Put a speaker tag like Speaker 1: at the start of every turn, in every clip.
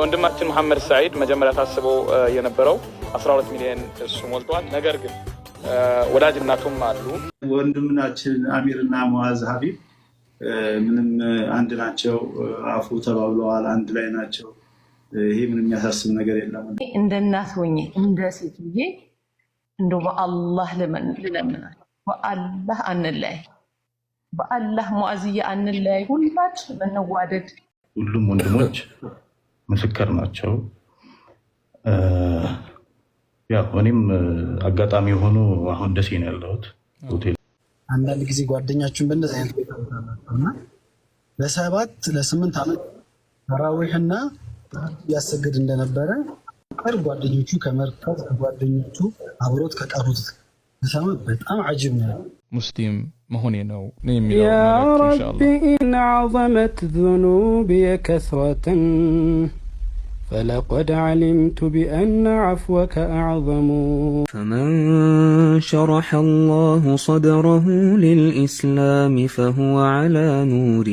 Speaker 1: ወንድማችን መሐመድ ሳይድ መጀመሪያ ታስበው የነበረው 12 ሚሊዮን እሱ ሞልቷል። ነገር ግን ወዳጅ እናቱም አሉ።
Speaker 2: ወንድምናችን አሚርና መዋዝ ሀቢብ ምንም አንድ ናቸው። አፉ ተባብለዋል፣ አንድ ላይ ናቸው። ይሄ ምንም የሚያሳስብ ነገር የለም።
Speaker 3: እንደ እናት ሆኜ እንደ ሴት ዬ እንደ በአላህ ልለምናል። በአላህ አንለያይ፣ በአላህ ሙዓዝዬ አንለያይ፣ ሁላችን መነዋደድ
Speaker 4: ሁሉም ወንድሞች ምስክር ናቸው። ያው እኔም አጋጣሚ የሆኑ አሁን ደሴ ነው ያለሁት።
Speaker 2: አንዳንድ ጊዜ ጓደኛችን በእንደዚህ አይነት ቤታ ለሰባት ለስምንት ዓመት ተራዊህና ያሰግድ እንደነበረ ቀር ጓደኞቹ ከመርካት ከጓደኞቹ አብሮት ከቀሩት ሰማ በጣም አጅብ ነው።
Speaker 5: ሙስሊም መሆኔ ነው የሚለው
Speaker 6: ያ ረቢ ኢን ዐዘመት ዙኑቢ ከስረትን فلقد علمت بأن عفوك أعظم
Speaker 7: فمن شرح الله صدره للإسلام فهو على نور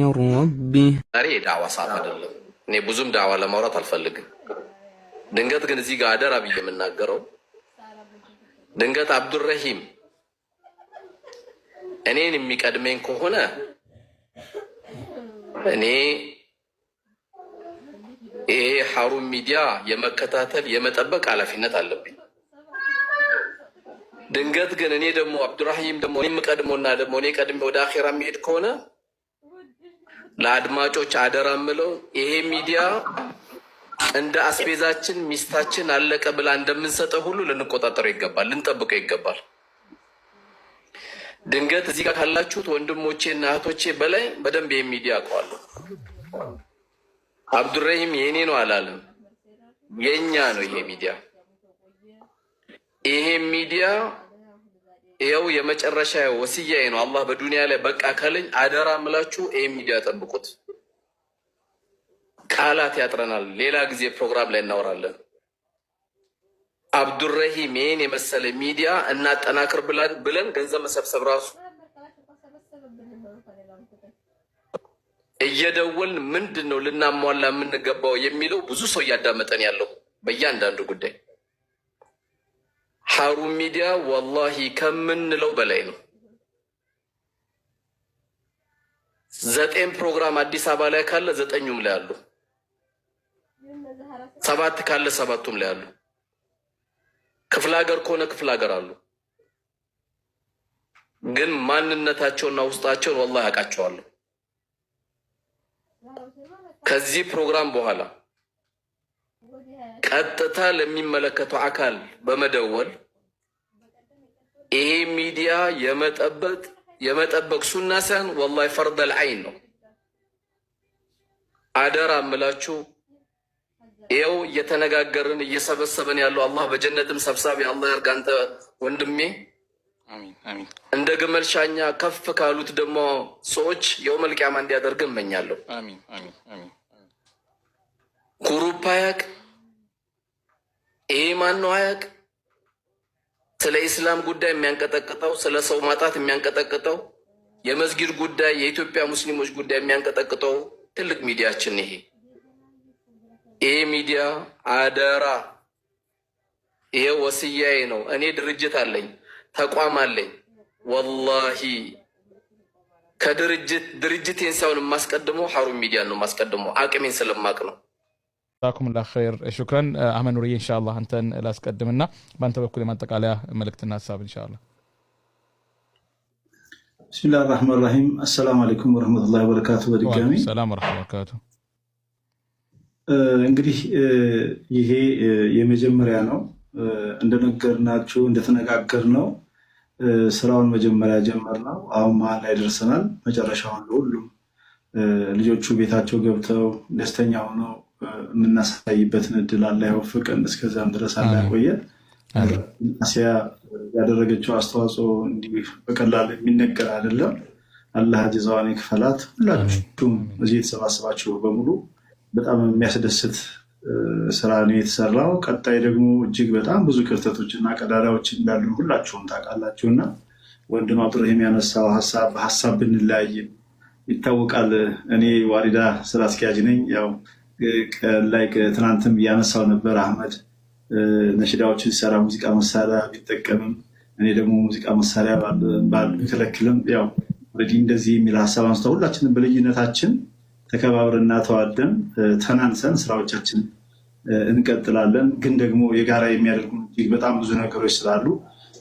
Speaker 7: من ربه
Speaker 8: أري دعوة صعبة الله نبزم دعوة لمرة الفلق دنجت كنزي قادة ربي من ناقره دنجت عبد الرحيم أني نمي كادمين كهنا أني ይሄ ሀሩን ሚዲያ የመከታተል የመጠበቅ ኃላፊነት አለብኝ። ድንገት ግን እኔ ደግሞ አብዱራሂም ደግሞ እኔም ቀድሞና ደግሞ እኔ ቀድሜ ወደ አኼራ የሚሄድ ከሆነ ለአድማጮች አደራ ምለው ይሄ ሚዲያ እንደ አስቤዛችን ሚስታችን አለቀ ብላ እንደምንሰጠው ሁሉ ልንቆጣጠረው ይገባል፣ ልንጠብቀው ይገባል። ድንገት እዚህ ጋር ካላችሁት ወንድሞቼ እና እህቶቼ በላይ በደንብ ይሄ ሚዲያ አውቀዋለሁ። አብዱረሂም የኔ ነው አላለም። የኛ ነው ይሄ ሚዲያ። ይሄ ሚዲያ ይኸው የመጨረሻ ወስያዬ ነው። አላህ በዱንያ ላይ በቃ ካለኝ አደራ ምላችሁ ይሄ ሚዲያ ጠብቁት። ቃላት ያጥረናል። ሌላ ጊዜ ፕሮግራም ላይ እናወራለን። አብዱረሂም ይህን የመሰለ ሚዲያ እናጠናክር ብለን ገንዘብ መሰብሰብ ራሱ እየደወልን ምንድን ነው ልናሟላ የምንገባው የሚለው ብዙ ሰው እያዳመጠን ያለው በእያንዳንዱ ጉዳይ ሀሩን ሚዲያ ወላሂ ከምንለው በላይ ነው። ዘጠኝ ፕሮግራም አዲስ አበባ ላይ ካለ ዘጠኙም ላይ አሉ፣ ሰባት ካለ ሰባቱም ላይ አሉ፣ ክፍለ ሀገር ከሆነ ክፍለ ሀገር አሉ። ግን ማንነታቸውና ውስጣቸውን ወላሂ ያውቃቸዋለሁ። ከዚህ ፕሮግራም በኋላ ቀጥታ ለሚመለከተው አካል በመደወል ይሄ ሚዲያ የመጠበቅ የመጠበቅ ሱና ሳይሆን ወላሂ ፈርድ አይን ነው። አደራ እምላችሁ ይኸው እየተነጋገርን እየሰበሰበን ያለው አላህ በጀነትም ሰብሳቢ አላህ ያርጋንተ ወንድሜ። እንደ ግመል ሻኛ ከፍ ካሉት ደግሞ ሰዎች የውመል ቂያማ እንዲያደርግ እመኛለሁ። ጉሩፕ አያቅ ይሄ ማን ነው አያቅ። ስለ ኢስላም ጉዳይ የሚያንቀጠቅጠው፣ ስለ ሰው ማጣት የሚያንቀጠቅጠው፣ የመስጊድ ጉዳይ፣ የኢትዮጵያ ሙስሊሞች ጉዳይ የሚያንቀጠቅጠው ትልቅ ሚዲያችን ይሄ ይሄ ሚዲያ አደራ፣ ይሄ ወስያዬ ነው። እኔ ድርጅት አለኝ ተቋም አለኝ። ወላሂ ከድርጅት ድርጅቴን ሳይሆን የማስቀድመው ሀሩን ሚዲያ ነው የማስቀድመው፣ አቅሜን ስለማቅ ነው።
Speaker 5: ዛኩሙላ ኸይር ሹክረን አመኑሪ ኑርዬ፣ እንሻላ አንተን ላስቀድምና በአንተ በኩል የማጠቃለያ መልእክትና ሀሳብ እንሻላ።
Speaker 2: ብስሚላ ራህማን ራሂም። አሰላሙ አለይኩም ወረመቱላ ወበረካቱ።
Speaker 5: በድጋሚ ሰላም በረካቱ።
Speaker 2: እንግዲህ ይሄ የመጀመሪያ ነው እንደነገርናችሁ እንደተነጋገር ነው ስራውን መጀመሪያ ነው አሁን መሀል ላይ ደርሰናል። መጨረሻውን ሁሉም ልጆቹ ቤታቸው ገብተው ደስተኛ ሆነው የምናሳይበትን እድል አለ ያወፍቀን። እስከዚያም ድረስ አለ ያቆየን። አሲያ ያደረገችው አስተዋጽኦ እንዲህ በቀላል የሚነገር አይደለም። አላህ ጀዛዋን ክፈላት ሁላችሁም እዚህ የተሰባሰባችሁ በሙሉ በጣም የሚያስደስት ስራ ነው የተሰራው። ቀጣይ ደግሞ እጅግ በጣም ብዙ ክፍተቶች እና ቀዳዳዎች እንዳሉ ሁላችሁም ታውቃላችሁ እና ወንድም አብዱራሂም ያነሳው ሀሳብ በሀሳብ ብንለያይም ይታወቃል። እኔ ዋሪዳ ስራ አስኪያጅ ነኝ። ያው ላይ ትናንትም እያነሳው ነበር አህመድ ነሽዳዎችን ሲሰራ ሙዚቃ መሳሪያ ቢጠቀምም እኔ ደግሞ ሙዚቃ መሳሪያ ባልከለክልም ያው እንደዚህ የሚል ሀሳብ አንስታ ሁላችንም በልዩነታችን ተከባብርና ተዋደን ተናንሰን ስራዎቻችን እንቀጥላለን። ግን ደግሞ የጋራ የሚያደርጉ እጅግ በጣም ብዙ ነገሮች ስላሉ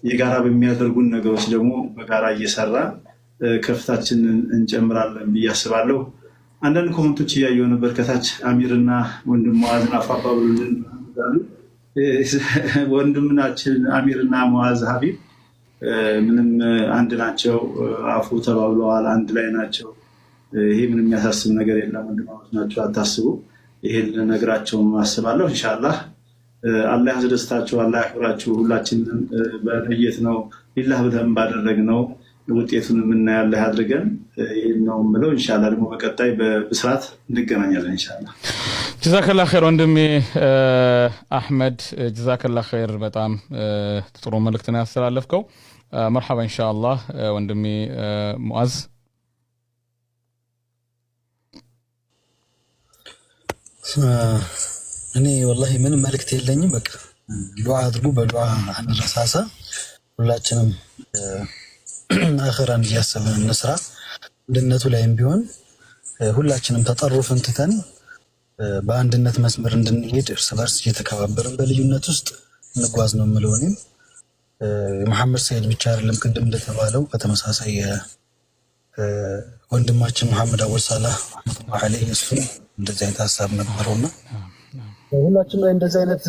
Speaker 2: የጋራ በሚያደርጉን ነገሮች ደግሞ በጋራ እየሰራ ከፍታችንን እንጨምራለን ብዬ አስባለሁ። አንዳንድ ኮመንቶች እያየሁ ነበር ከታች አሚርና ወንድም መዋዝን አፋባብሉልን ወንድምናችን አሚርና መዋዝ ሀቢብ ምንም አንድ ናቸው። አፉ ተባብለዋል። አንድ ላይ ናቸው። ይሄ ምንም የሚያሳስብ ነገር የለም። ወንድማማች ናቸው፣ አታስቡ። ይሄን ልነግራቸው አስባለሁ። እንሻላ አላህ ያስደስታችሁ፣ አላህ ያክብራችሁ። ሁላችንም በነየት ነው ሊላህ ብለን ነው ውጤቱን የምናያለህ አድርገን ይህን ነው የምለው። እንሻላ ደግሞ በቀጣይ በስርዓት እንገናኛለን። እንሻላ
Speaker 5: ጀዛከላ ኸይር ወንድሜ አሕመድ፣ ጀዛከላ ኸይር። በጣም ጥሩ መልእክት ነው ያስተላለፍከው። መርሓባ አላህ ወንድሜ ሙዓዝ
Speaker 2: እኔ ወላሂ ምንም መልእክት የለኝም። በቃ ዱዓ አድርጉ፣ በዱዓ አንረሳሳ። ሁላችንም አኸራን እያሰብን እንስራ። አንድነቱ ላይም ቢሆን ሁላችንም ተጠሩፍን ትተን በአንድነት መስመር እንድንሄድ እርስ በርስ እየተከባበርን በልዩነት ውስጥ እንጓዝ ነው የምለው። እኔም መሐመድ ሰይድ ብቻ አይደለም ቅድም እንደተባለው በተመሳሳይ ወንድማችን መሐመድ አወል ሳላህ ረመቱላ አለህ እንደዚህ አይነት ሀሳብ ነበረውና ሁላችን ላይ እንደዚህ አይነት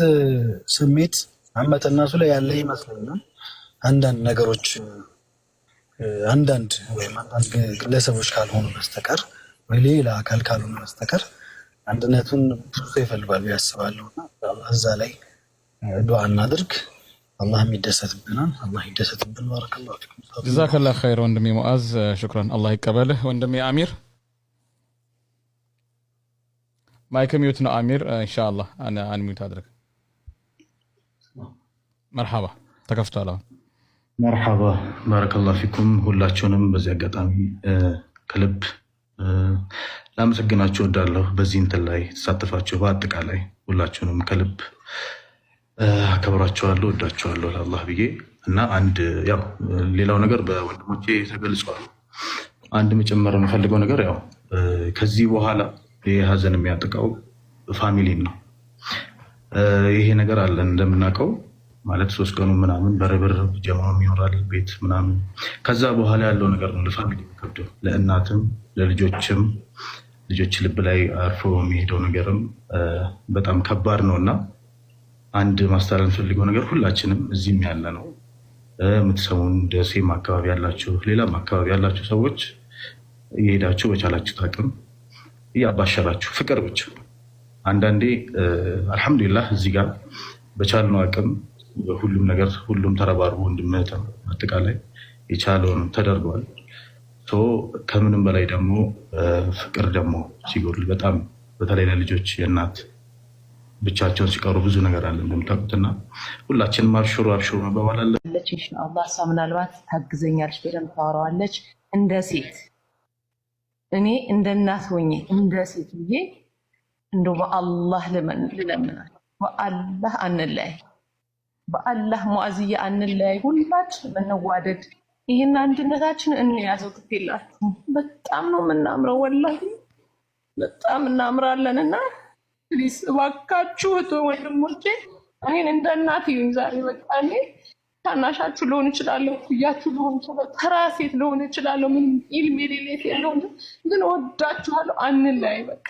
Speaker 2: ስሜት አመጠና እሱ ላይ ያለ ይመስልና አንዳንድ ነገሮች አንዳንድ ወይም አንዳንድ ግለሰቦች ካልሆኑ በስተቀር ወይ ሌላ አካል ካልሆኑ በስተቀር አንድነቱን ብዙ ሰው ይፈልጋሉ ያስባለሁ። እዛ ላይ ዱዓ እናድርግ። አላህ ይደሰትብናል። አላህ ይደሰትብን። ባረከላሁ ፊኩም።
Speaker 5: ጀዛከላህ ኸይር ወንድሜ ሙአዝ፣ ሹክራን። አላህ ይቀበልህ ወንድሜ አሚር። ማይክ ሚዩት ነው አሚር ان شاء الله انا انا ميوت ادرك مرحبا
Speaker 4: ባረከላ ፊኩም ሁላችሁንም በዚህ አጋጣሚ ከልብ ላመሰግናችሁ ወዳለሁ በዚህ እንትን ላይ ተሳትፋችሁ በአጠቃላይ ሁላችሁንም ከልብ አከብራችኋለሁ፣ እወዳችኋለሁ ለአላህ ብዬ እና አንድ ያው ሌላው ነገር በወንድሞቼ ተገልጿል። አንድ መጨመር የምፈልገው ነገር ያው ከዚህ በኋላ ይህ ሀዘን የሚያጠቃው ፋሚሊን ነው። ይሄ ነገር አለን እንደምናውቀው ማለት ሶስት ቀኑ ምናምን በርብር ጀማ ይኖራል ቤት ምናምን። ከዛ በኋላ ያለው ነገር ነው ለፋሚሊ የሚከብደው ለእናትም ለልጆችም ልጆች ልብ ላይ አርፎ የሚሄደው ነገርም በጣም ከባድ ነው እና አንድ ማስተላለፍ የምፈልገው ነገር ሁላችንም እዚህም ያለ ነው የምትሰሙን፣ ደሴም አካባቢ ያላችሁ፣ ሌላም አካባቢ ያላችሁ ሰዎች እየሄዳችሁ በቻላችሁ ታቅም እያባሸራችሁ ፍቅር ብቻ። አንዳንዴ አልሐምዱሊላህ እዚህ ጋር በቻልነው አቅም ሁሉም ነገር ሁሉም ተረባርቦ እንድምህተ አጠቃላይ የቻለውን ተደርጓል። ከምንም በላይ ደግሞ ፍቅር ደግሞ ሲጎድል በጣም በተለይ ለልጆች የእናት ብቻቸውን ሲቀሩ ብዙ ነገር አለ እንደምታውቁትና ሁላችንም አብሽሩ አብሽሩ መባባል አለ።
Speaker 3: ኢንሻላህ እሷ ምናልባት ታግዘኛለች፣ በደንብ ታወራዋለች እንደ ሴት እኔ እንደ እናት ሆኜ እንደ ሴት ብዬ እንደው በአላህ ልለምናል። በአላህ አንለያይ፣ በአላህ ሙአዝያ አንለያይ። ሁላችን መነዋደድ ይህን አንድነታችን እንያዘው። ክፍላችሁ በጣም ነው የምናምረው፣ ወላሂ በጣም እናምራለን። እና ፕሊስ እባካችሁ ወንድሞቼ እኔን እንደ እናት ይሁኝ ዛሬ በቃ ታናሻችሁ ልሆን እችላለሁ፣ እኩያችሁ ልሆን እችላለሁ፣ ተራ ሴት ልሆን እችላለሁ። ምንም ኢልም የሌሌት የለውም፣ ግን ወዳችኋለሁ። አንለያይ በቃ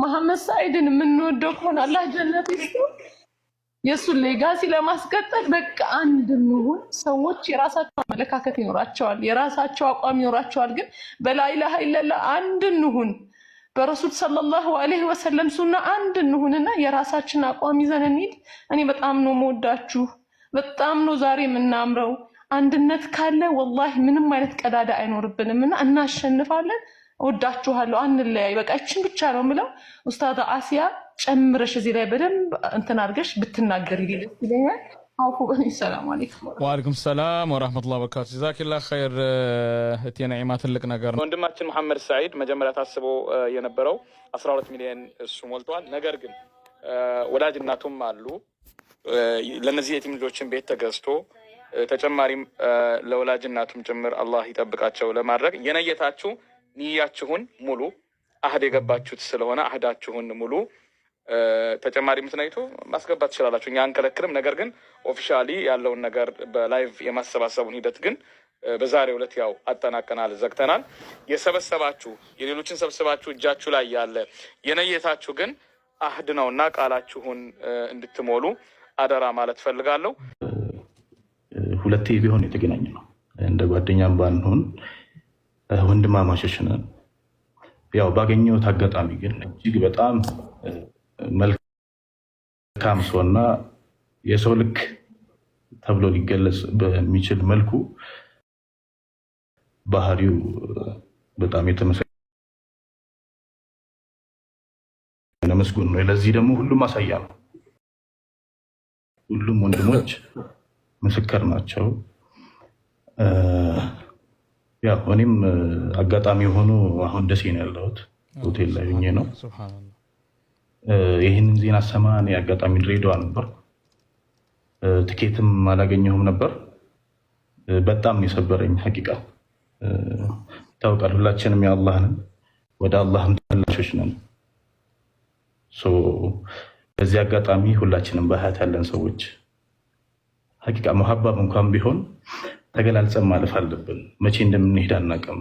Speaker 3: መሐመድ ሳይድን የምንወደው ከሆነ አላህ ጀነት ይስጥ። የእሱን ሌጋሲ ለማስቀጠል በቃ አንድ እንሁን። ሰዎች የራሳቸው አመለካከት ይኖራቸዋል፣ የራሳቸው አቋም ይኖራቸዋል። ግን በላኢላሃ ኢለላህ አንድ እንሁን፣ በረሱል ሰለላሁ አለይሂ ወሰለም ሱና አንድ እንሁንና የራሳችን አቋም ይዘን እንሂድ። እኔ በጣም ነው መወዳችሁ በጣም ነው ዛሬ የምናምረው። አንድነት ካለ ወላሂ ምንም አይነት ቀዳዳ አይኖርብንም እና እናሸንፋለን። ወዳችኋለሁ አንለያይ። በቃ ይችን ብቻ ነው የምለው። ኡስታዝ አሲያ ጨምረሽ እዚህ ላይ በደንብ እንትን አድርገሽ ብትናገር ይለኛል።
Speaker 5: ዋአለይኩም ሰላም ወራህመቱላሂ ወበረካቱ። ጀዛኪላ ኸይር እቴ ነዒማ፣ ትልቅ ነገር
Speaker 1: ነው። ወንድማችን መሐመድ ሰዒድ መጀመሪያ ታስቦ የነበረው 12 ሚሊዮን እሱ ሞልቷል። ነገር ግን ወላጅ እናቱም አሉ ለእነዚህ የቲም ልጆችን ቤት ተገዝቶ ተጨማሪም ለወላጅ እናቱም ጭምር አላህ ይጠብቃቸው ለማድረግ የነየታችሁ ንያችሁን ሙሉ አህድ የገባችሁት ስለሆነ አህዳችሁን ሙሉ ተጨማሪ የምትነይቱ ማስገባት ትችላላችሁ። እኛ አንከለክልም። ነገር ግን ኦፊሻሊ ያለውን ነገር በላይቭ የማሰባሰቡን ሂደት ግን በዛሬ ዕለት ያው አጠናቀናል፣ ዘግተናል። የሰበሰባችሁ የሌሎችን ሰብስባችሁ እጃችሁ ላይ ያለ የነየታችሁ ግን አህድ ነውና ቃላችሁን እንድትሞሉ አደራ ማለት ፈልጋለሁ።
Speaker 4: ሁለቴ ቢሆን የተገናኘ ነው። እንደ ጓደኛም ባንሆን ወንድማማቾች ነን። ያው ባገኘሁት አጋጣሚ ግን እጅግ በጣም መልካም ሰውና የሰው ልክ ተብሎ ሊገለጽ በሚችል መልኩ ባህሪው በጣም የተመሰገነ መስጉን ነው። ለዚህ ደግሞ ሁሉም ማሳያ ነው። ሁሉም ወንድሞች ምስክር ናቸው። ያው እኔም አጋጣሚ የሆኑ አሁን ደሴ ነው ያለሁት፣ ሆቴል ላይ ሆኜ ነው ይህንን ዜና ሰማ። እኔ አጋጣሚ ድሬዳዋ ነበር፣ ትኬትም አላገኘሁም ነበር። በጣም የሰበረኝ ሀቂቃ ይታወቃል። ሁላችንም የአላህ ነን፣ ወደ አላህም ተመላሾች ነን። በዚህ አጋጣሚ ሁላችንም በሀያት ያለን ሰዎች ሀቂቃ መሀባብ እንኳን ቢሆን ተገላልጸን ማለፍ አለብን። መቼ እንደምንሄድ አናውቅም።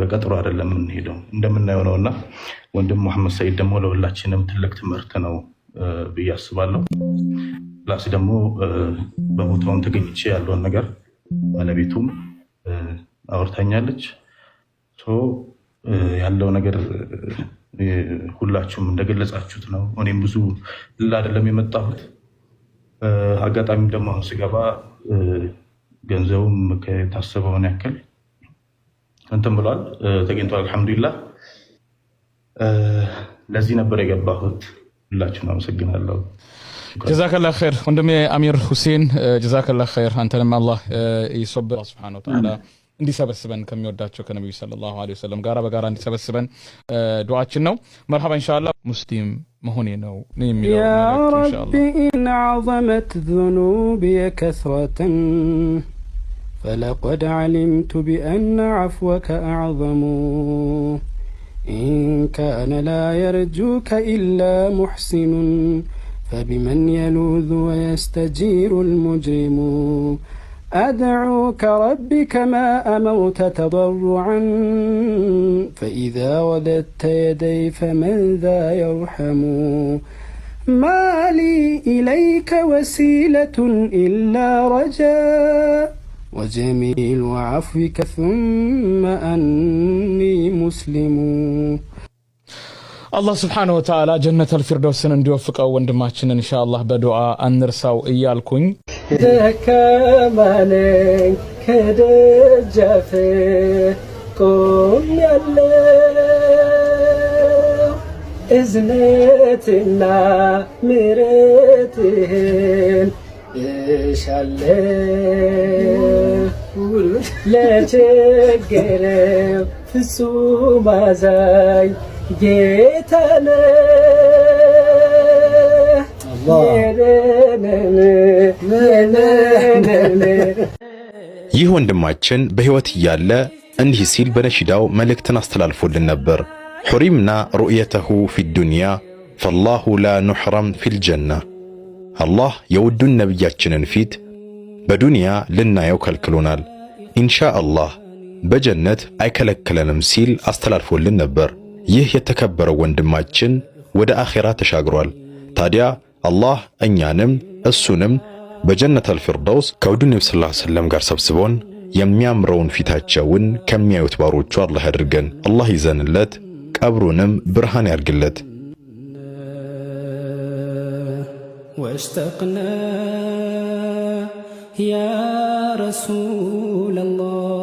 Speaker 4: በቀጥሮ አይደለም የምንሄደው እንደምናየው ነው እና ወንድም መሐመድ ሰይድ ደግሞ ለሁላችንም ትልቅ ትምህርት ነው ብዬ አስባለሁ። ላሲ ደግሞ በቦታውን ተገኝቼ ያለውን ነገር ባለቤቱም አውርታኛለች ያለው ነገር ሁላችሁም እንደገለጻችሁት ነው። እኔም ብዙ ልል አይደለም የመጣሁት። አጋጣሚም ደግሞ አሁን ስገባ ገንዘቡም ከታሰበውን ያክል እንትን ብሏል ተገኝቷል። አልሐምዱላ ለዚህ ነበር የገባሁት። ሁላችሁን አመሰግናለሁ።
Speaker 5: ጀዛከላ ኸይር ወንድሜ አሚር ሁሴን ጀዛከላ ኸይር። አንተንም አላህ ይሶብ ስብሃነ ወተዓላ እንዲሰበስበን ከሚወዳቸው ከነቢዩ ሰለላሁ ዐለይሂ ወሰለም ጋራ በጋራ እንዲሰበስበን ዱዓችን ነው። መርሐባ እንሻላ ሙስሊም መሆኔ ነው የሚለው
Speaker 6: ያ ረቢ ኢን ዐዘመት ذنوبي كثرة فلقد علمت بأن عفوك أعظم إن كان لا يرجوك إلا محسن فبمن يلوذ ويستجير المجرم أدعوك ربي كما أموت تضرعا فإذا ولدت يدي فمن ذا يرحم ما لي إليك وسيلة إلا رجاء وجميل عفوك ثم أني مسلم
Speaker 5: الله سبحانه وتعالى جنة الفردوس أن يوفق أو إن شاء الله بدعاء أن نرسى إيالكم
Speaker 6: ደካማ ከደጃፍ ቆም ያለው እዝነትና ምሕረትህን እሻለሁ ለቸገረው ፍጹም አዛኝ ጌታነ የደነን
Speaker 9: ይህ ወንድማችን በሕይወት እያለ እንዲህ ሲል በነሽዳው መልእክትን አስተላልፎልን ነበር። ሑሪምና ሩዕየተሁ ፊዱንያ ፈላሁ ላ ኑሕረም ፊልጀና። አላህ የውዱን ነቢያችንን ፊት በዱንያ ልናየው ከልክሎናል፣ ኢንሻአላህ በጀነት አይከለክለንም ሲል አስተላልፎልን ነበር። ይህ የተከበረው ወንድማችን ወደ አኼራ ተሻግሯል። ታዲያ አላህ እኛንም እሱንም በጀነት ፊርደውስ ከውዱ ነብዩ ሰለላሁ ዐለይሂ ወሰለም ጋር ሰብስቦን የሚያምረውን ፊታቸውን ከሚያዩት ባሮቹ አላህ አድርገን። አላህ ይዘንለት፣ ቀብሩንም ብርሃን ያርግለት።
Speaker 6: ወሽተቅና ያ ረሱለላህ